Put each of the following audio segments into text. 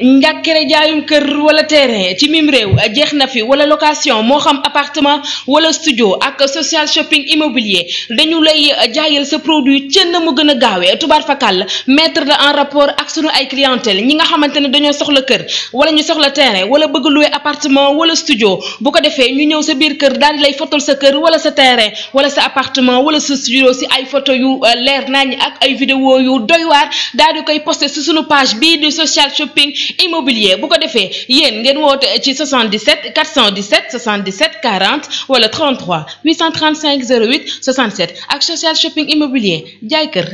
njàkkere jaayum keur wala terrain ci mim rew jeexna fi wala location mo xam appartement wala studio ak social shopping immobilier dañu lay euh, jaayal sa produit ci na mu gëna gaawé tubar fakal mettre la en rapport ak sunu ay clientèle ñi nga xamante ne soxla keur wala ñu soxla terrain wala bëgg louer appartement wala studio bu ko défé ñu ñëw sa biir keur daal di lay fotol sa keur wala sa terrain wala sa appartement wala sa studio si ay photo yu euh, leer nañ ak ay vidéo yu doy war daal di koy poster sunu page bi di social shopping immobilier beaucoup de faits, Yen, ngeen 77 417 77 40 wala 33 835 08 67 ak social shopping immobilier jaay kër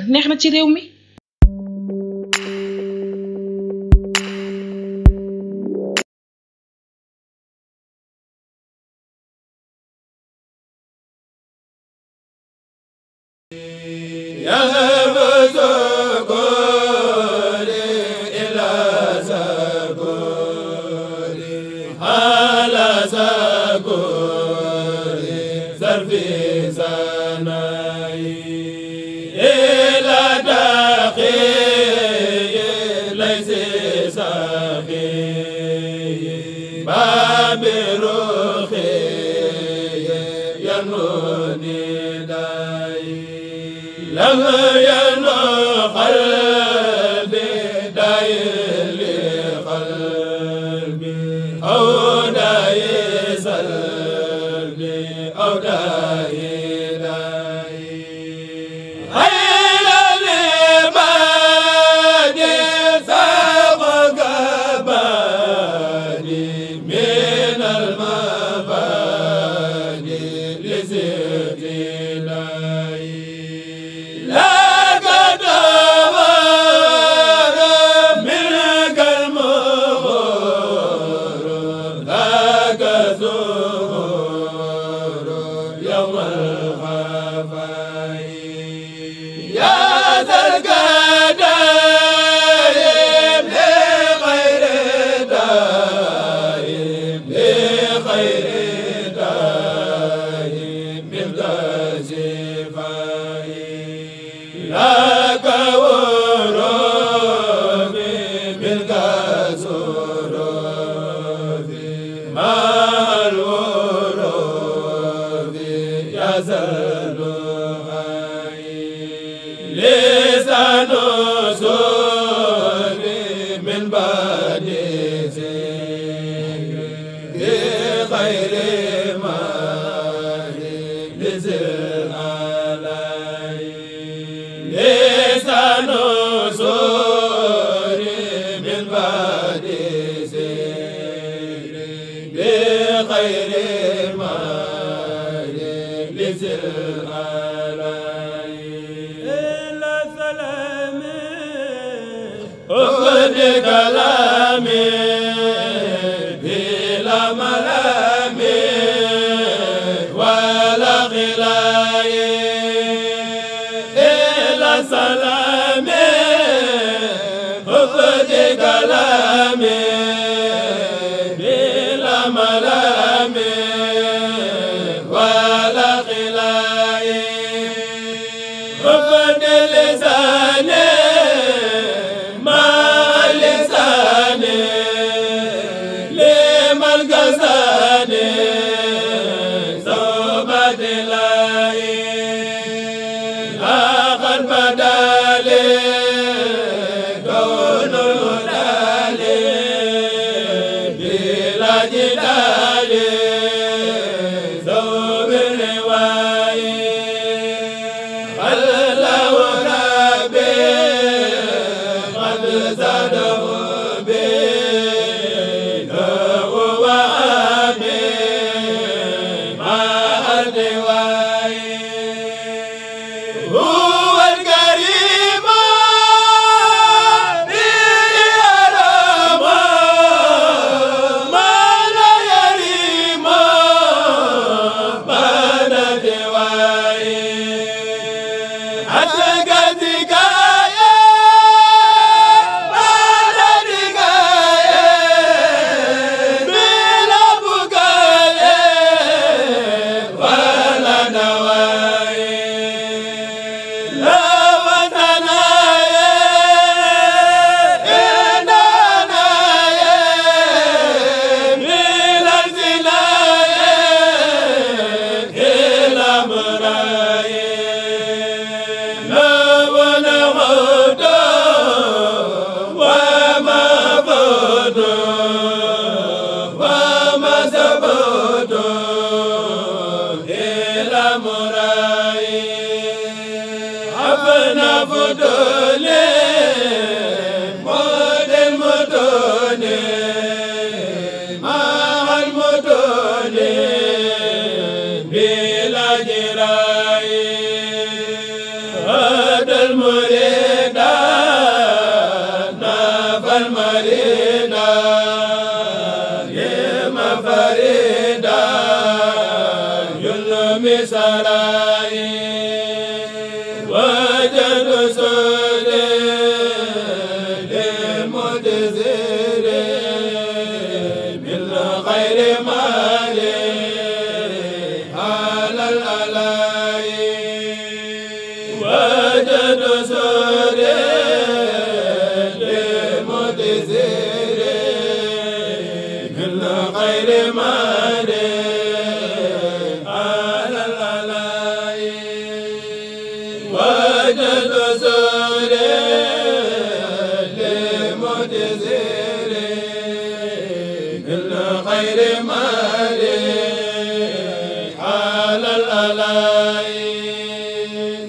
is it?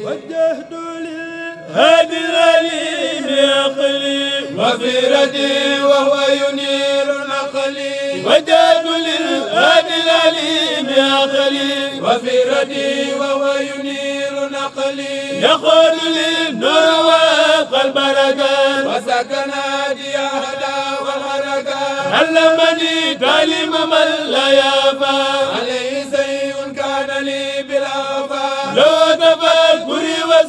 وجهت لهادي الأليم يقلي وفي ردي وهو ينير نقلي وجهت للهادي الأليم يقلي وفي ردي وهو ينير نقلي يخرج للنور وابقى البركات وسكن نادي أهلا والحركات علمني تعليم من لا يفهم عليه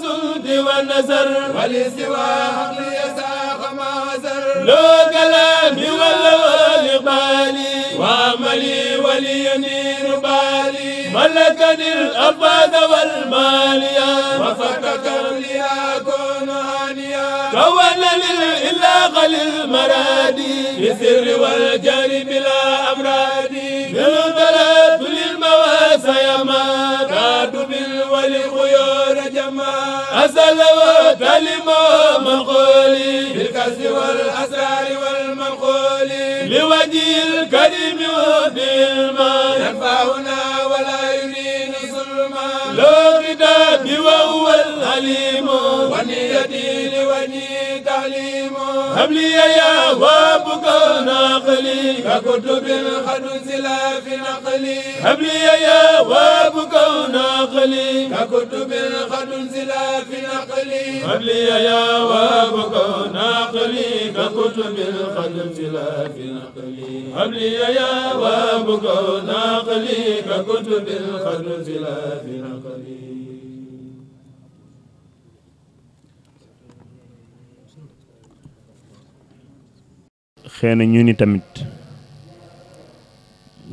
الزهد ونزر ولسوى حقل يساق ما زر لو كلامي ولا ولقالي وعملي وليني بالي ملكني الأفاد والماليا وفكك لي أكون هانيا كون للإلاق للمرادي سر والجار بلا أمرادي بالبلد للمواسى يا أزل وتلم منقولي بالكسر والأسرار والمنقول لوجه الكريم والنعمة ينفعنا ولا يرينا ظلما لو كتابي وهو الحليم ونيتي لوني تعليم هبلي يا وابك ناقلي ككتب الخدوز لا في نقلي هبلي يا وابك ناقلي ككتب الخدوز لا في نقلي هبلي يا وابك ناقلي ككتب الخدوز لا في نقلي هبلي يا وابك ناقلي ككتب الخدوز لا في نقلي xëy na ñu ni tamit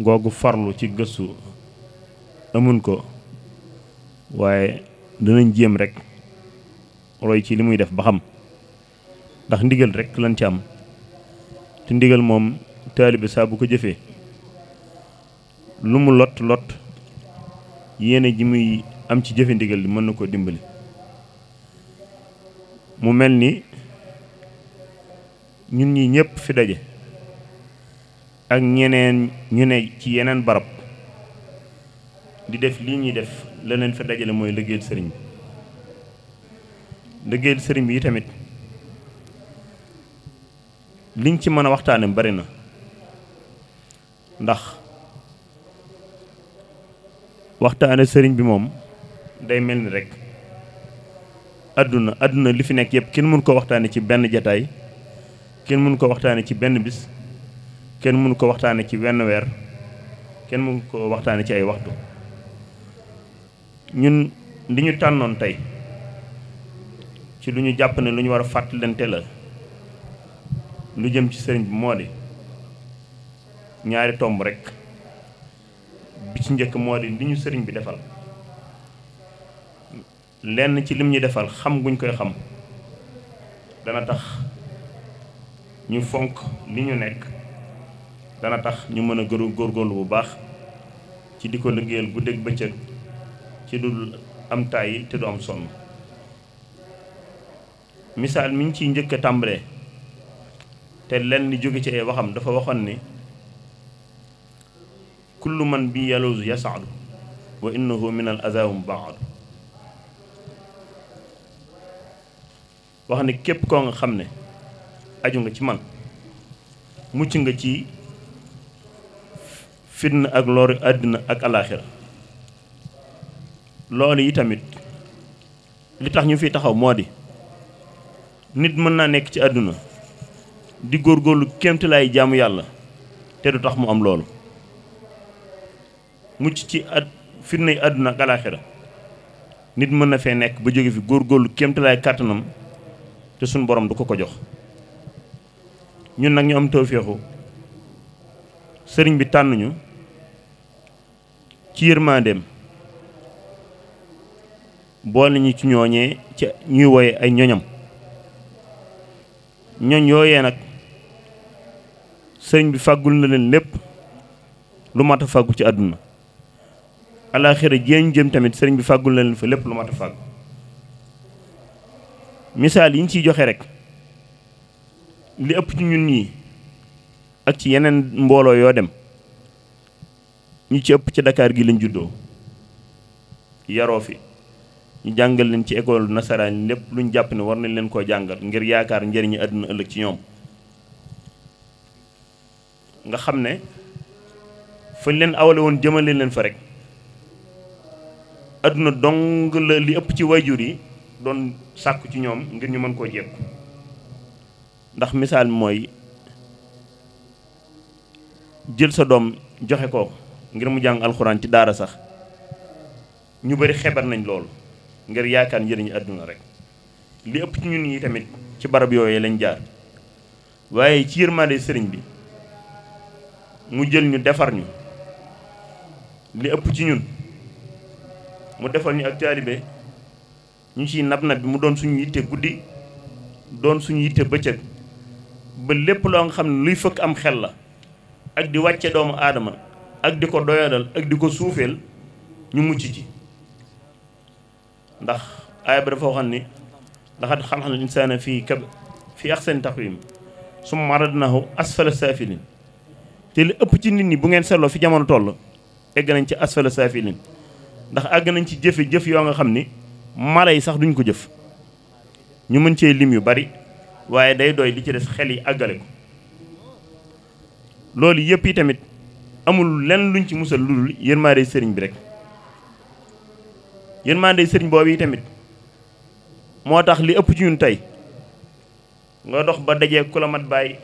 googu farlu ci gëstu amun ko waaye dinañ jéem rek roy ci li muy def ba xam ndax ndigal rek lan ci am te ndigal moom taalibe saa bu ko jëfee lu mu lot lot yéene ji muy am ci jëfe ndigal mën na koo dimbali mu mel ni ñun ñi ñëpp fi daje ak ñeneen ñu ne ci yeneen barab di def lii ñuy def leneen leen fi dajale mooy liggéeyal sëriñ bi liggéeyal sëriñ bi tamit liñ ci mën a waxtaane bari na ndax waxtaane sëriñ bi moom day mel ni rek àdduna àdduna li fi nekk yëpp kenn mënu ko waxtaane ci benn jataay kenn mënu ko waxtaane ci benn bis kenn mënu ko waxtaane ci wenn weer kenn mënu ko waxtaane ci ay waxtu ñun li ñu tànnoon tey ci lu ñu jàpp ne lu ñu war a fàttalante la lu jëm ci sëriñ bi moo di ñaari tomb rek bi ci njëkk moo di li ñu sëriñ bi defal lenn ci lim ñu defal xam guñ koy xam dana tax ñu fonk li ñu nekk dana tax ñu mën a gëru góorgóorlu bu baax ci di ko liggéeyal guddeeg bëccëg ci dul am tàyyi te du am sonn misaal mi ñu ciy njëkk a tàmbalee te lenn li jóge ci ay waxam dafa waxoon ni kullu man bi yaluusu yasaadu wa innahu min al azaawum baadu wax ni képp koo nga xam ne aju nga ci man mucc nga ci fitna ak loru àddina ak alaaxira loolu yi tamit li tax ñu fi taxaw moo di nit mën naa nekk ci àdduna di góor góorlu góorgóorlu ay jaamu yàlla te du tax mu am loolu mucc ci at fitna yi àdduna ak alaaxira nit mën na fee nekk ba jóge fi góorgóorlu kéemtalaay kàttanam te sunu borom du ko ko jox ñun nag ñu am tawféexu sëriñ bi tànnuñu ci yërmandeem boole ñu ci ñooñee ci ñuy woye ay ñoñam ñoñ yooye nag sëriñ bi fàggul na leen lépp lu mat a fàggu ci àdduna alaaxira jéen jëm tamit sëriñ bi fàggul na leen fa lépp lu mat a fàggu misaal yi ñu ciy joxe rek li ëpp ci ñun ñii ak ci yeneen mbooloo yoo dem ñu ci ëpp ci Dakar gi lañ juddoo yaroo fi ñu jàngal leen ci école nasaraan lépp lu ñu jàpp ne war nañ leen koo jàngal ngir yaakaar njëriñu àdduna ëllëg ci ñoom nga xam ne fañ leen awale woon jëmale leen fa rek àdduna dong la li ëpp ci wayjur yi doon sàkku ci ñoom ngir ñu mën koo jékku ndax misaal mi mooy jël sa doom joxe ko ngir mu jàng alxuraan ci daara sax ñu bari xebar nañ loolu ngir yaakaar njëriñu àdduna rek li ëpp ci ñun yi tamit ci barab yooyu lañ jaar waaye ci yërmande sëriñ bi mu jël ñu defar ñu li ëpp ci ñun mu defal ñu ak taalibe ñu ciy nab nab bi mu doon suñu yitte guddi doon suñu yitte bëccëg ba lépp loo nga xam luy fëkk am xel la ak di wàcce doomu aadama ak di ko doyadal ak di ko suufeel ñu mucc ci ndax ay ba dafa waxoon ni laqad xalaqna insana fi kab fi ahsan taqwim summa maradnahu asfala safilin te li ëpp ci nit ñi bu ngeen seetloo fi jamono toll egg nañ ci asfala safilin ndax àgg nañ ci jëfe jëf yoo nga xam ni mala yi sax duñ ko jëf ñu mën cee lim yu bari waaye day doy li ci des xel yi àggale ko loolu yëpp yi tamit amul lenn luñ ci musal lu dul yërmaande sëriñ bi rek yërmaande sëriñ boobu yi tamit moo tax li ëpp ci ñun tey nga dox ba dajee ku la mat bàyyi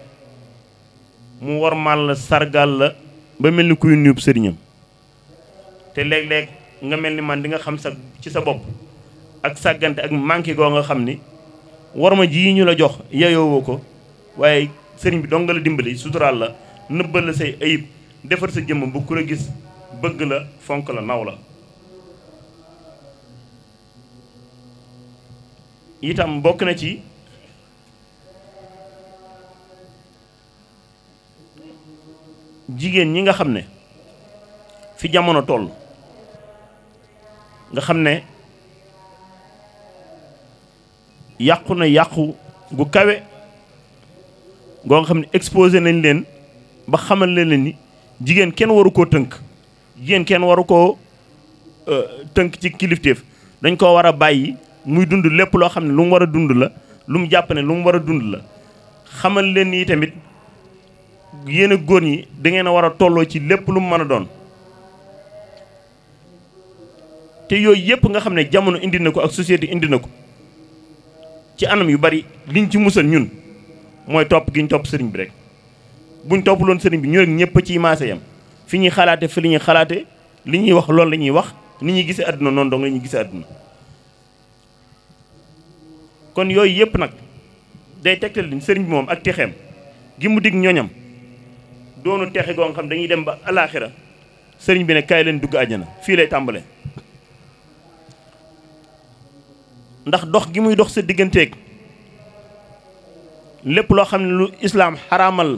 mu war warmal la sargal la ba mel ni kuy nuyub sëriñam te léeg-léeg nga mel ni man di nga xam sa ci sa bopp ak sàggante ak manqué goo nga xam ni warma ji ñu la jox yeyoowoo ko waaye sëriñ bi donga la dimbali suturaal la nëbbal la say ayib defar sa jëmm bu ku la gis bëgg la fonk la naw la itam bokk na ci jigéen ñi nga xam ne fi jamono toll nga xam ne yàqu na yàqu gu kawe goo nga xam ne exposé nañ leen ba xamal leen ni jigéen kenn waru koo tënk jigéen kenn waru koo euh, tënk ci kilifteef dañ koo war a bàyyi muy dund lépp loo xam ne lu mu war a dund la lu mu jàpp ne lu mu war a dund la xamal leen ni tamit yéen a góor ñi dangeen war a tolloo ci lépp lu mu mën a doon te yooyu yëpp nga xam ne jamono indi na ko ak société indi na ko ci anam yu bari liñ ci musal ñun mooy topp gi ñu topp sëriñ bi rek buñ topp loon sëriñ bi ñu rek ñëpp ci maase yam fi ñuy xalaate fi li ñuy xalaate li ñuy wax loolu la ñuy wax ni ñuy gisee àdduna noonu dong la ñuy gisee àdduna kon yooyu yëpp nag day tegtal liñ sëriñ bi moom ak texeem gi mu dig ñoñam doonu texe goo nga xam dañuy dem ba alaaxira sëriñ bi ne kaay leen dugg àjjana fii lay tàmbale ndax dox gi muy dox sa digganteeg lépp loo xam ne lu islaam xaraamal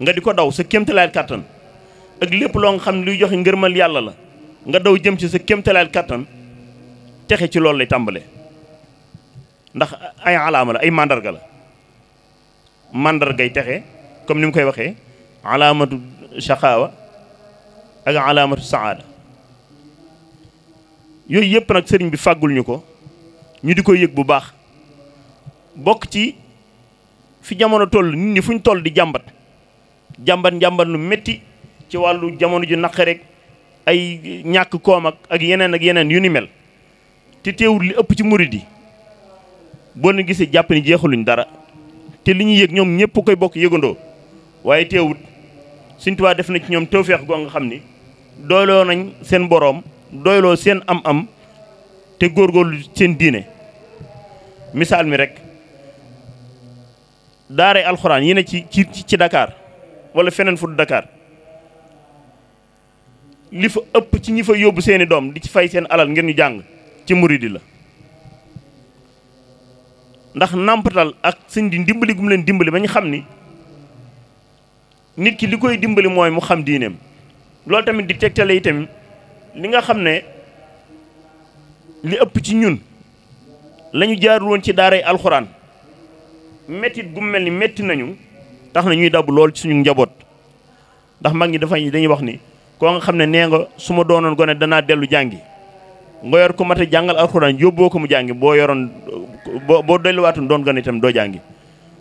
nga di ko daw sa kéemtalaayal kàttan ak lépp loo nga xam ne luy joxe ngërmal yàlla la nga daw jëm ci sa kéemtalaayal kàttan texe ci loolu lay tàmbale ndax ay alaama la ay màndarga la màndargay texe comme ni mu koy waxee alaamatu shaqaawa ak alaamatu saada yooyu yëpp nag sëriñ bi fàggul ñu ko ñu di koy yëg bu baax bokk ci fi jamono toll nit ñi fu ñu toll di jàmbat jàmbat njàmbat lu métti ci wàllu jamono ju naq rek ay ñàkk koom ak yeneen ak yeneen yu ni mel te teewul li ëpp ci murid di boo leen gisee jàpp ni jeexaluñ dara te li ñu yëg ñoom ñëpp koy bokk yëgandoo waaye teewut Sëñ Tuubaa def na ci ñoom tawfeex goo nga xam ni doyloo nañ seen boroom doyloo seen am-am te góor góorlu seen diine misaal mi rek daaray alxuraan yi ne ci ci ci dakaar wala feneen fu dakaar li fa ëpp ci ñi fa yóbbu seeni doom di ci fay seen alal ngeen ñu jàng ci muridi la ndax nàmpatal ak sëñ di ndimbali gum leen dimbali ba ñu xam ni nit ki li koy dimbali mooy mu xam diineem loolu tamit di tegtale itam li nga xam ne li ëpp ci ñun la ñu jaarul woon ci daaray alxuraan mettit gu mel ni metti nañu tax na ñuy dabb lool ci suñu njaboot ndax mag ñi dafa dañuy wax ni koo nga xam ne nee nga su ma doonoon gone danaa dellu jàngi nga yor ko mat a jàngal alxuraan yóbboo ko mu jàngi boo yoroon boo boo delluwaatoon doon gone itam doo jàngi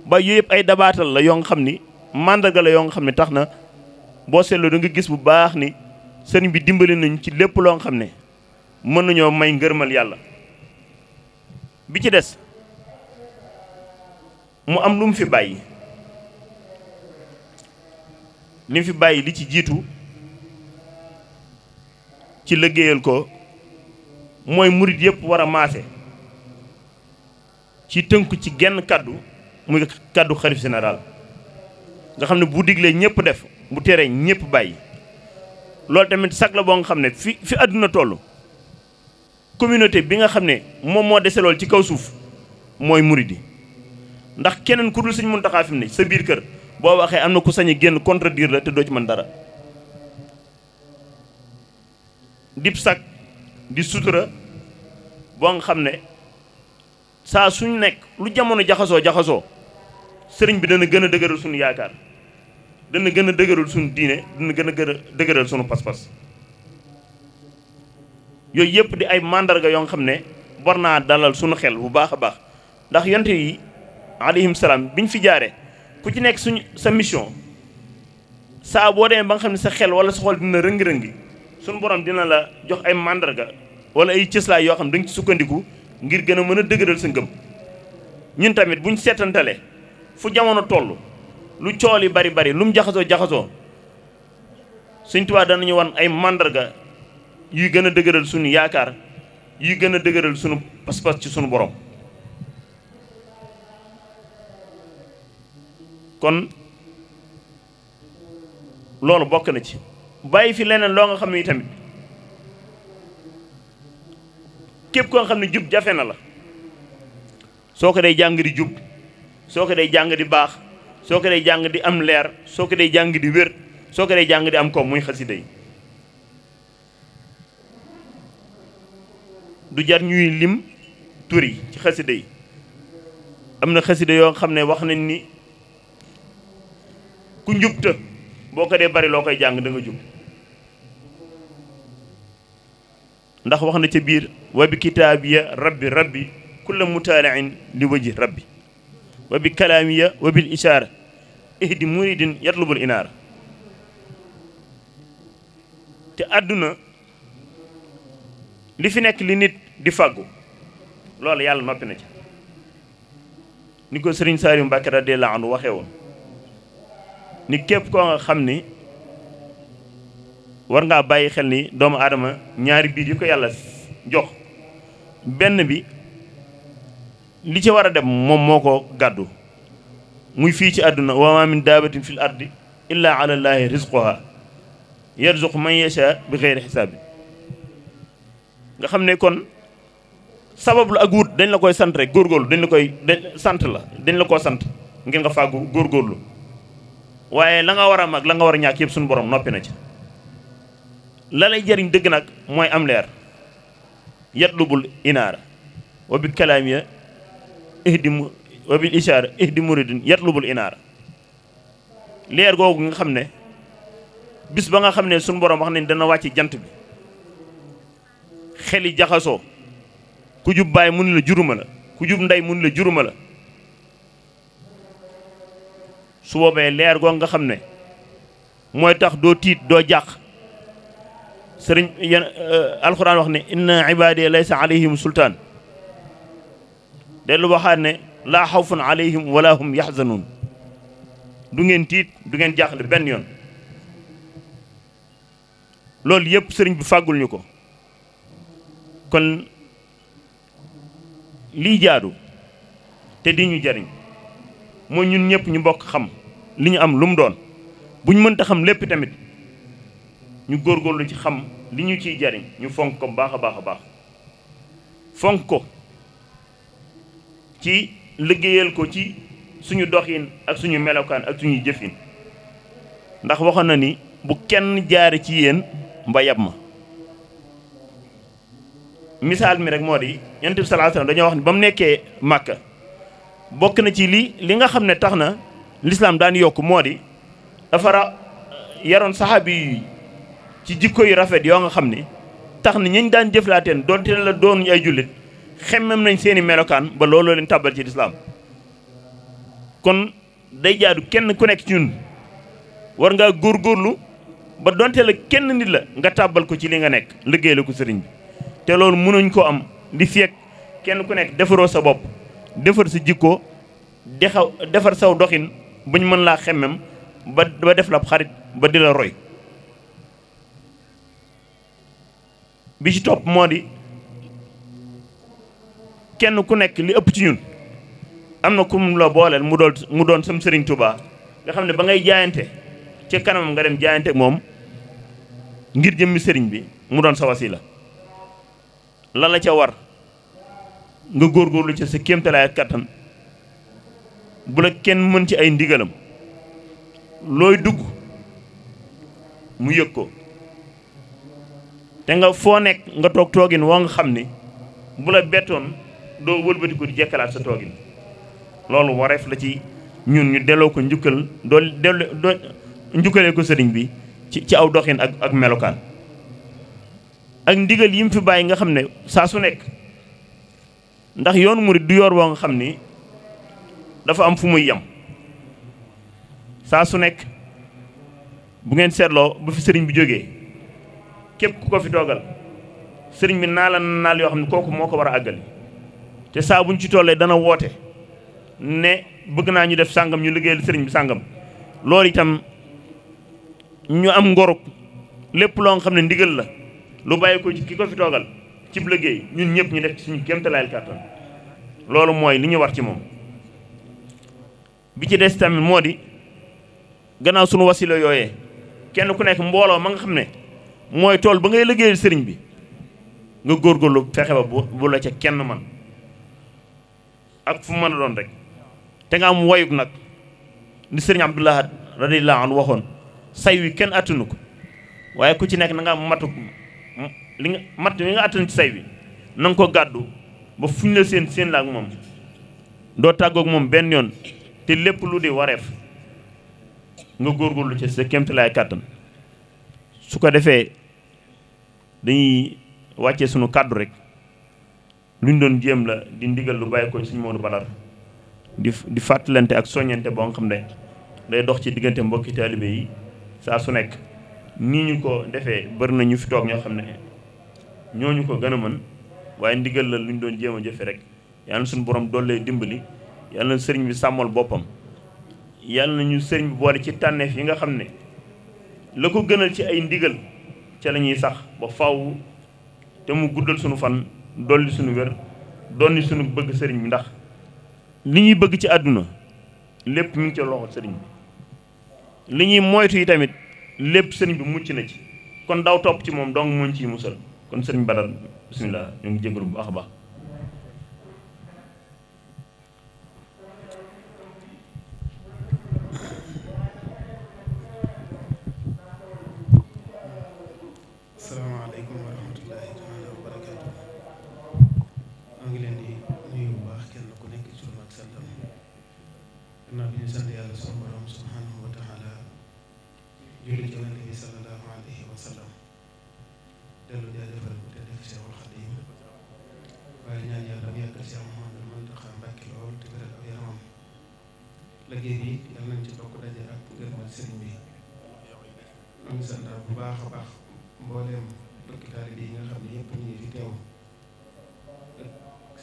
ba yooyu ay dabaatal la yoo nga xam ni màndarga la yoo nga xam ne tax na boo seetloo da nga gis bu baax ni sëriñ bi dimbali nañu ci lépp loo nga xam ne mën nañoo may ngërmal yàlla bi ci des mu am lu mu fi bàyyi li mu fi bàyyi li ci jiitu ci liggéeyal ko mooy murit yëpp war a maase ci tënk ci genn kàddu muy kàddu xalif général nga xam ne bu diglee ñëpp def bu teree ñëpp bàyyi loolu tamit sag la boo nga xam ne fi fi àdduna toll communauté bi nga xam ne moom moo dese ci kaw suuf mooy di ndax keneen ku dul sëñ Muntaxa fi ne sa biir kër boo waxee am na ku sañ génn génn contredire la te doo ci mën dara dib sag di sutura boo nga xam ne saa suñ nekk lu jamono jaxasoo jaxasoo sëriñ bi dana gën a dëgëral suñu yaakaar dana gën a dëgëral suñu diine dana gën a gën a dëgëral sunu pas-pas yooyu yëpp di ay màndarga yoo xam ne war naa dalal suñu xel bu baax a baax ndax yonte yi alayhim salaam biñ fi jaaree ku ci nekk suñu sa mission saa boo demee ba nga xam ne sa xel wala sa xol dina rëngi-rëngi suñu borom dina la jox ay màndarga wala ay cëslaay yoo xam ne dañ ci sukkandiku ngir gën a mën a dëgëral sa ngëm ñun tamit buñ seetantale fu jamono toll lu cool yi bari bari lu mu jaxasoo jaxasoo suñ tubaab danañu wan ay màndarga yuy gën a dëgëral sunu yaakaar yuy gën a dëgëral sunu pas-pas ci sunu borom kon loolu bokk na ci bàyyi fi leneen loo nga xam ne tamit képp koo xam ne jub jafe na la soo ko dee jàng di jub soo ko day jàng di baax soo ko day jàng di am leer soo ko day jàng di wér soo ko day jàng di am ko muy xasida yi du jar ñuy lim tur yi ci xasida yi am na xasida yoo xam ne wax nañ ni ku njubta boo ko dee bari loo koy jàng da nga jub ndax wax na ca biir wa bi kitaabiya rabbi rabbi kulla mutaalain li waji rabbi wa bi kalaamiya wa bil ishaara ihdi muridin yatlubul inaara te àdduna li fi nekk li nit di fago lolou yàlla noppi na ci ni ko sëriñ Saliou Mbacke la andu waxe won ni kep ko nga xamni war nga bàyyi xel ni doomu adama ñaari biir yi ko yàlla jox benn bi li ci wara dem mom moko gàddu muy fi ci aduna wa ma min dabatin fil ardi illa ala allah rizquha yarzuq man yasha bi xeyri nga xamne kon Sabab lu agud, dañ la koy sante rek gorgol dañ la koy sante la dañ la ko sant ngeen nga gorgol lu waye la nga wara mag la nga wara ñak yeb sun borom nopi na ci la lay jariñ deug nak moy am leer yatlubul inara wa bi kalam ya ihdim wa bil ishar ihdim muridin yatlubul inara leer gogu nga xamne bis ba nga xamne sun borom wax nañ dana wacc jant bi xeli jaxaso ku jub baay mun la juruma la ku jub ndey mun la juruma la su leer goo nga xam ne mooy tax doo tiit doo jàq sëriñ yan euh, alxuraan wax ne inna ibaadi laysa alayhim sultaan dellu waxaat ne laa xawfun alayhim wala hum yaxzanuun du ngeen tiit du ngeen jaaxle benn yoon loolu yëpp sëriñ bi fàggul ñu ko kon lii jaadu te di ñu jariñ mooy ñun ñëpp ñu bokk xam li ñu am lu mu doon bu ñu mënta xam lépp tamit ñu góor góorgóorlu ci xam li ñu ciy jariñ ñu fonk ko baax a baax a baax fonk ko ci liggéeyal ko ci suñu doxin ak suñu melokaan ak suñuy jëfin ndax waxoon na ni bu kenn jaare ci yéen mba yab ma misaal mi rek moo di yonent bi sallallahu alayhi dañoo wax ne ba mu nekkee Màkka bokk na ci lii li nga xam ne tax na lislaam daan yokk moo di dafara yaroon saxaabi yi ci jikko yu rafet yoo nga xam ni tax na ñañ daan jëflaateen doonte la doon ay jullit xemmem nañ seeni melokaan ba looloo leen tàbbal ci lislaam kon day jaadu kenn ku nekk ci ñun war ngaa góorgóorlu ba donte la kenn nit la nga tàbbal ko ci li nga nekk liggéey la ko sëriñ bi te loolu mënuñ ko am di fiek kenn ku nek defaroo sa bop defar sa jikko dexaw defar sa doxine buñ mën la xemem ba ba def la xarit ba dila roy bi ci top modi kenn ku nek li ëpp ci ñun am na kum la bolal mu doon mu doon sam serigne Touba nga xamne ba ngay jaayante ci kanam nga dem jaayante mom ngir jëm serigne bi mu doon sa wasila la la ca war nga góorgóorlu ci sa kéemtalaay kattan bu la kenn mën ci ay ndigalam looy dugg mu yëg ko te nga foo nekk nga toog toogin woo nga xam ni bu la bettoon doo wëlbati ko di jekkalaat sa toogin loolu wareef la ci ñun ñu delloo ko njukkal doo delloo doo njukkalee ko sëriñ bi ci ci aw doxin ak ak melokaan ak ndigal yi mu fi bàyyi nga xam ne saa su nekk ndax yoon murit du yor woo nga xam ni dafa am fu muy yem saa su nekk bu ngeen seetloo bu fi sëriñ bi jógee képp ku ko fi toogal sëriñ bi naa la naal yoo xam ne kooku moo ko war a àggali te saa buñ ci tollee dana woote ne bëgg naa ñu def sàngam ñu liggéeyal sëriñ bi sàngam loolu itam ñu am ngoruk lépp loo nga xam ne ndigal la lu bàyyi ko ki ko fi toogal cib liggéey ñun ñëpp ñu def ci suñu kéemtalaayal kàttan loolu mooy li ñu war ci moom bi ci des tamit moo di gannaaw suñu wasila yooyee kenn ku nekk mbooloo ma nga xam ne mooy tool ba ngay liggéeyal sëriñ bi nga góorgóorlu fexe ba bu la ca kenn man ak fu mën a doon rek te nga am woyug nag di sëriñ Abdoulahat radiyallahu anhu waxoon say wi kenn attunu ko waaye ku ci nekk nanga nga am matuk li nga matt mi nga àttan ci say bi na ko gàddu ba fu ñu la seen seen la ak moom doo tàggook moom benn yoon te lépp lu di wareef nga góorgóorlu ci sa kéemtalaay kàttan su ko defee dañuy wàccee sunu kàddu rek lu ñu doon jéem la di ndigal lu bàyyi ko suñu Moodu Badar di di fàttalante ak soññante boo nga xam ne day dox ci diggante mbokki taalibe yi saa su nekk nii ñu ko defee bari na ñu fi toog ñoo xam ne ñoo ñu ko gën a mën waaye ndigal la lu ñu doon jéem jëfe rek yàlla na suñu borom doollee dimbali yàlla na sëriñ bi sàmmal boppam yàlla na ñu sëriñ bi boole ci tànneef yi nga xam ne la ko gënal ci ay ndigal ca la ñuy sax ba faw te mu guddal suñu fan dolli suñu wér donni suñu bëgg sëriñ bi ndax li ñuy bëgg ci àdduna lépp mu ngi ca loxo sëriñ bi li ñuy moytu yi tamit lépp sëriñ bi mucc na ci kon daw topp ci moom dong muñ ciy musal kon sëriñ Badar bisimilah ñu ngi jégalu bu baax a baax.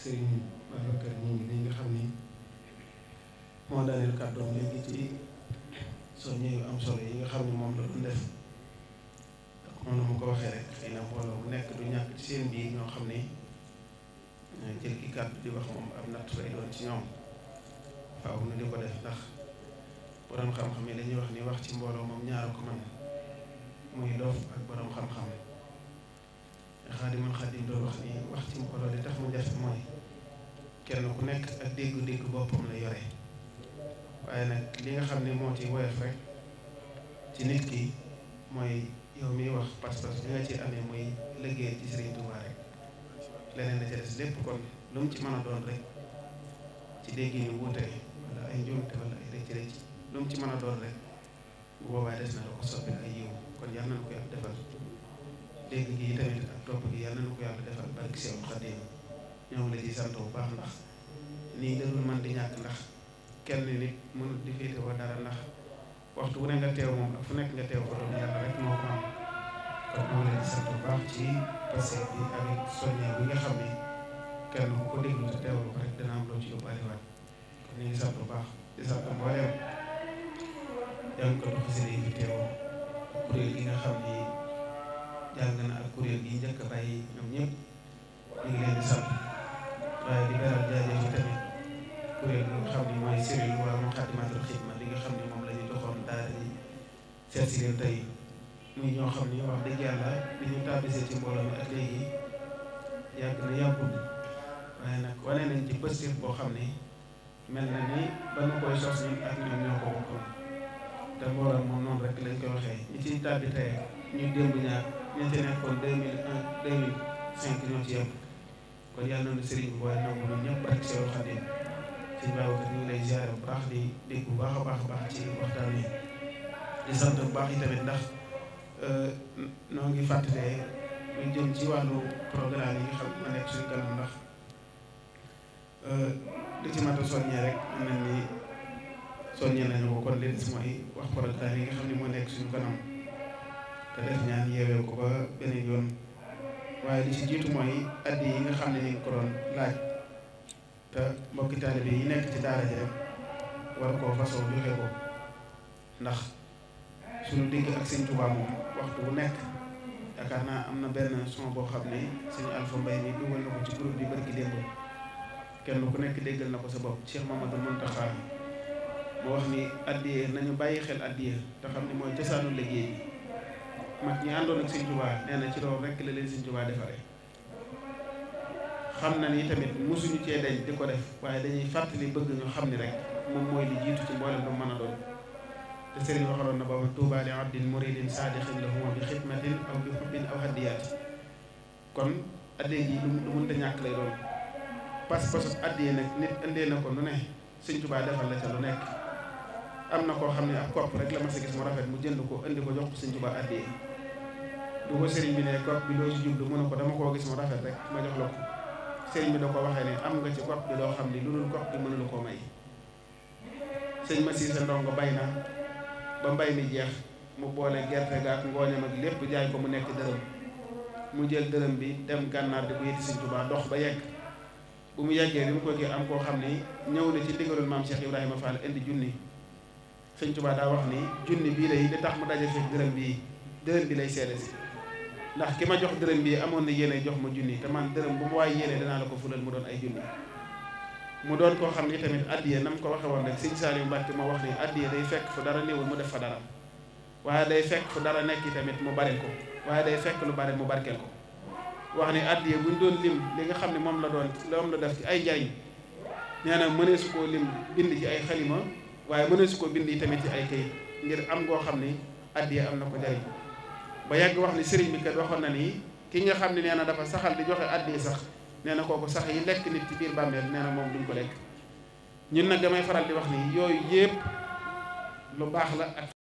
sëriñ Babacar ñu ngi nga xam ni moo daaneel kàddoom léegi ci soññe yu am solo yi nga xam ni moom la doon def ndax mu na waxee rek xëy nekk du ñàkk ci seen biir ñoo xam ni jël ki kàddu di wax moom ab natt lay doon ci ñoom faaw na di ko def ndax boroom xam-xam yi dañuy wax ni wax ci mbooloo moom ñaara ko man muy doof ak borom xam-xam xaadimal xaadim doon wax ni wax ci mbooloo li tax mu jafe mooy kenn ku nekk ak dégg-dégg la yore waaye li nga xam ne moo ci woyof nit ki mooy yow miy wax pas-pas bi ci amee mooy liggéey lépp kon lu mën a doon rek ci dégg ni mën a doon rek bu boobaa des na ko yàlla defal dégg gi tamit ak topp gi yal nañu ko yàlla defal barki Seexul Xadiim ñoo ngi la sant bu baax ndax nii daful mën di ñàkk ndax kenn nit mënut di te woo dara ndax waxtu wu ne nga teew moom ak fu nekk nga teew ko doon ngi la ciy sant bu baax ci passé nga xam ne kenn ku ko déglu te teewlu ko sant bu baax di sant mbooleem jàng ko doxu si yi fi teewoo kuréel gi nga xam ni jàng na ak kuréel gi njëkk bàyyi ñoom ñëpp ñu leen sant. waaye di beral jaajëf tamit kuréel bi nga xam ne mooy cellule waa Muqaddimatul Xidma li nga xam ne moom la ñu doxoon daal di seet si leen tey muy ñoo xam ne wax dëgg yàlla bi ñu tabbisee ci mbooloo mi ak léegi yàgg na yàggul waaye nag wane nañ ci pëstéef boo xam ne mel na ni ba nu koy sos ñun ak ñoom ñoo ko bokkoon te mbooloo moom noonu rek lañ koy waxee ñi ciy tàbbi ñu démb ñaar ña ci nekkoon deux mille un deux cinq ñoo ci yëpp. kon yàlla na sëriñ bi waaye nangu ñun ñëpp ak seen xam ne ci Babacar ñu ngi lay bu baax di dégg bu baax baax a ci waxtaan yi di sant bu baax yi tamit ndax euh, noo ngi fàttalee lu jëm ci wàllu programme yi nekk suñu kanam ndax euh, li ci mat a rek am nañ ni soññee nañu ko wax programme yi nga xam ne moo nekk suñu kanam te def ñaan yeewee ko ba beneen yoon. waaye li si jiitu mooy addi yi nga xam ne ni ko doon laaj te mbokki taalibe yi nekk ci daara ji rek war koo façon joxe ko ndax suñu digg ak sëñ Tuubaa moom waxtu wu nekk yaakaar naa am na benn son boo xam ne sëñ Alpha Mbay mi dugal na ko ci groupe bi barki démb kenn ku nekk déggal na ko sa bopp Cheikh Mamadou Muntaxa mu wax ni addiye nañu bàyyi xel addiye te xam ne mooy cosaanu liggéey bi mag ñi àndoon ak Sëñ Tuubaa nee na ci loolu rekk la leen Sëñ Tuubaa defaree xam na ni tamit mosuñu cee dañ di ko def waaye dañuy fàttali bëgg ñu xam ni rek moom mooy li jiitu ci mboolem lu mën a doon te sëriñ waxaloon na booba tuuba li abdin muridin saadixin la huma bi xidmatin aw bi xubbin aw haddiyaati kon addee ji lu lu mënta ñàkk lay doon pas-pasu addee nag nit indee na ko nu ne Sëñ Tuubaa defal la ca lu nekk am na koo xam ne ak kopp rek la ma sa gis mu rafet mu jënd ko indi ko jox ko Sëñ Tuubaa addee du ko sëriñ bi ne gopp bi loo ci jublu mu ne ko dama koo gis mu rafet rek ma jox la ko sëriñ bi da ko waxee ne am nga ci gopp bi loo xam ne lu dul gopp bi mënula koo may sëñ ma siisa ndongo bay na ba mbay mi jeex mu boole gerte ga ak ngooñam ak lépp jaay ko mu nekk dërëm mu jël dërëm bi dem gànnaar di ko yëtti sëñ Tuubaa dox ba yegg bu mu yeggee bi mu ko gi am koo xam ni ñëw na ci ndigalul maam Cheikh Ibrahima Fall indi junni sëñ Tuubaa daa wax ni junni bii lay li tax mu daje fi dërëm bii dërëm bi lay seede si ndax ki ma jox dërëm bi amoon na yéene jox ma junni te man dërëm bu mu waaye yéene danaa la ko fulal mu doon ay junni mu doon koo xam ni tamit addiye na mu ko waxe woon rek sëñ Saliou Mbacke moo wax ni addiye day fekk fu dara néewul mu def fa dara waaye day fekk fu dara nekk tamit mu baril ko waaye day fekk lu bari mu barkeel ko wax ni addiye bu ñu doon lim li nga xam ne moom la doon moom la def ci ay njariñ nee na mëneesu koo lim bind ci ay xalima waaye mëneesu koo bind yi tamit ci ay kayit ngir am goo xam ni addiye am na ko njariñ bayag wax ni serigne bi kat waxon na ni ki nga xamni neena dafa saxal di joxe addi sax neena na sax yi lek nit ci bir bàmmeel neena mom duñ ko lek ñun nak damay faral di wax ni yoy yeb lu bax la ak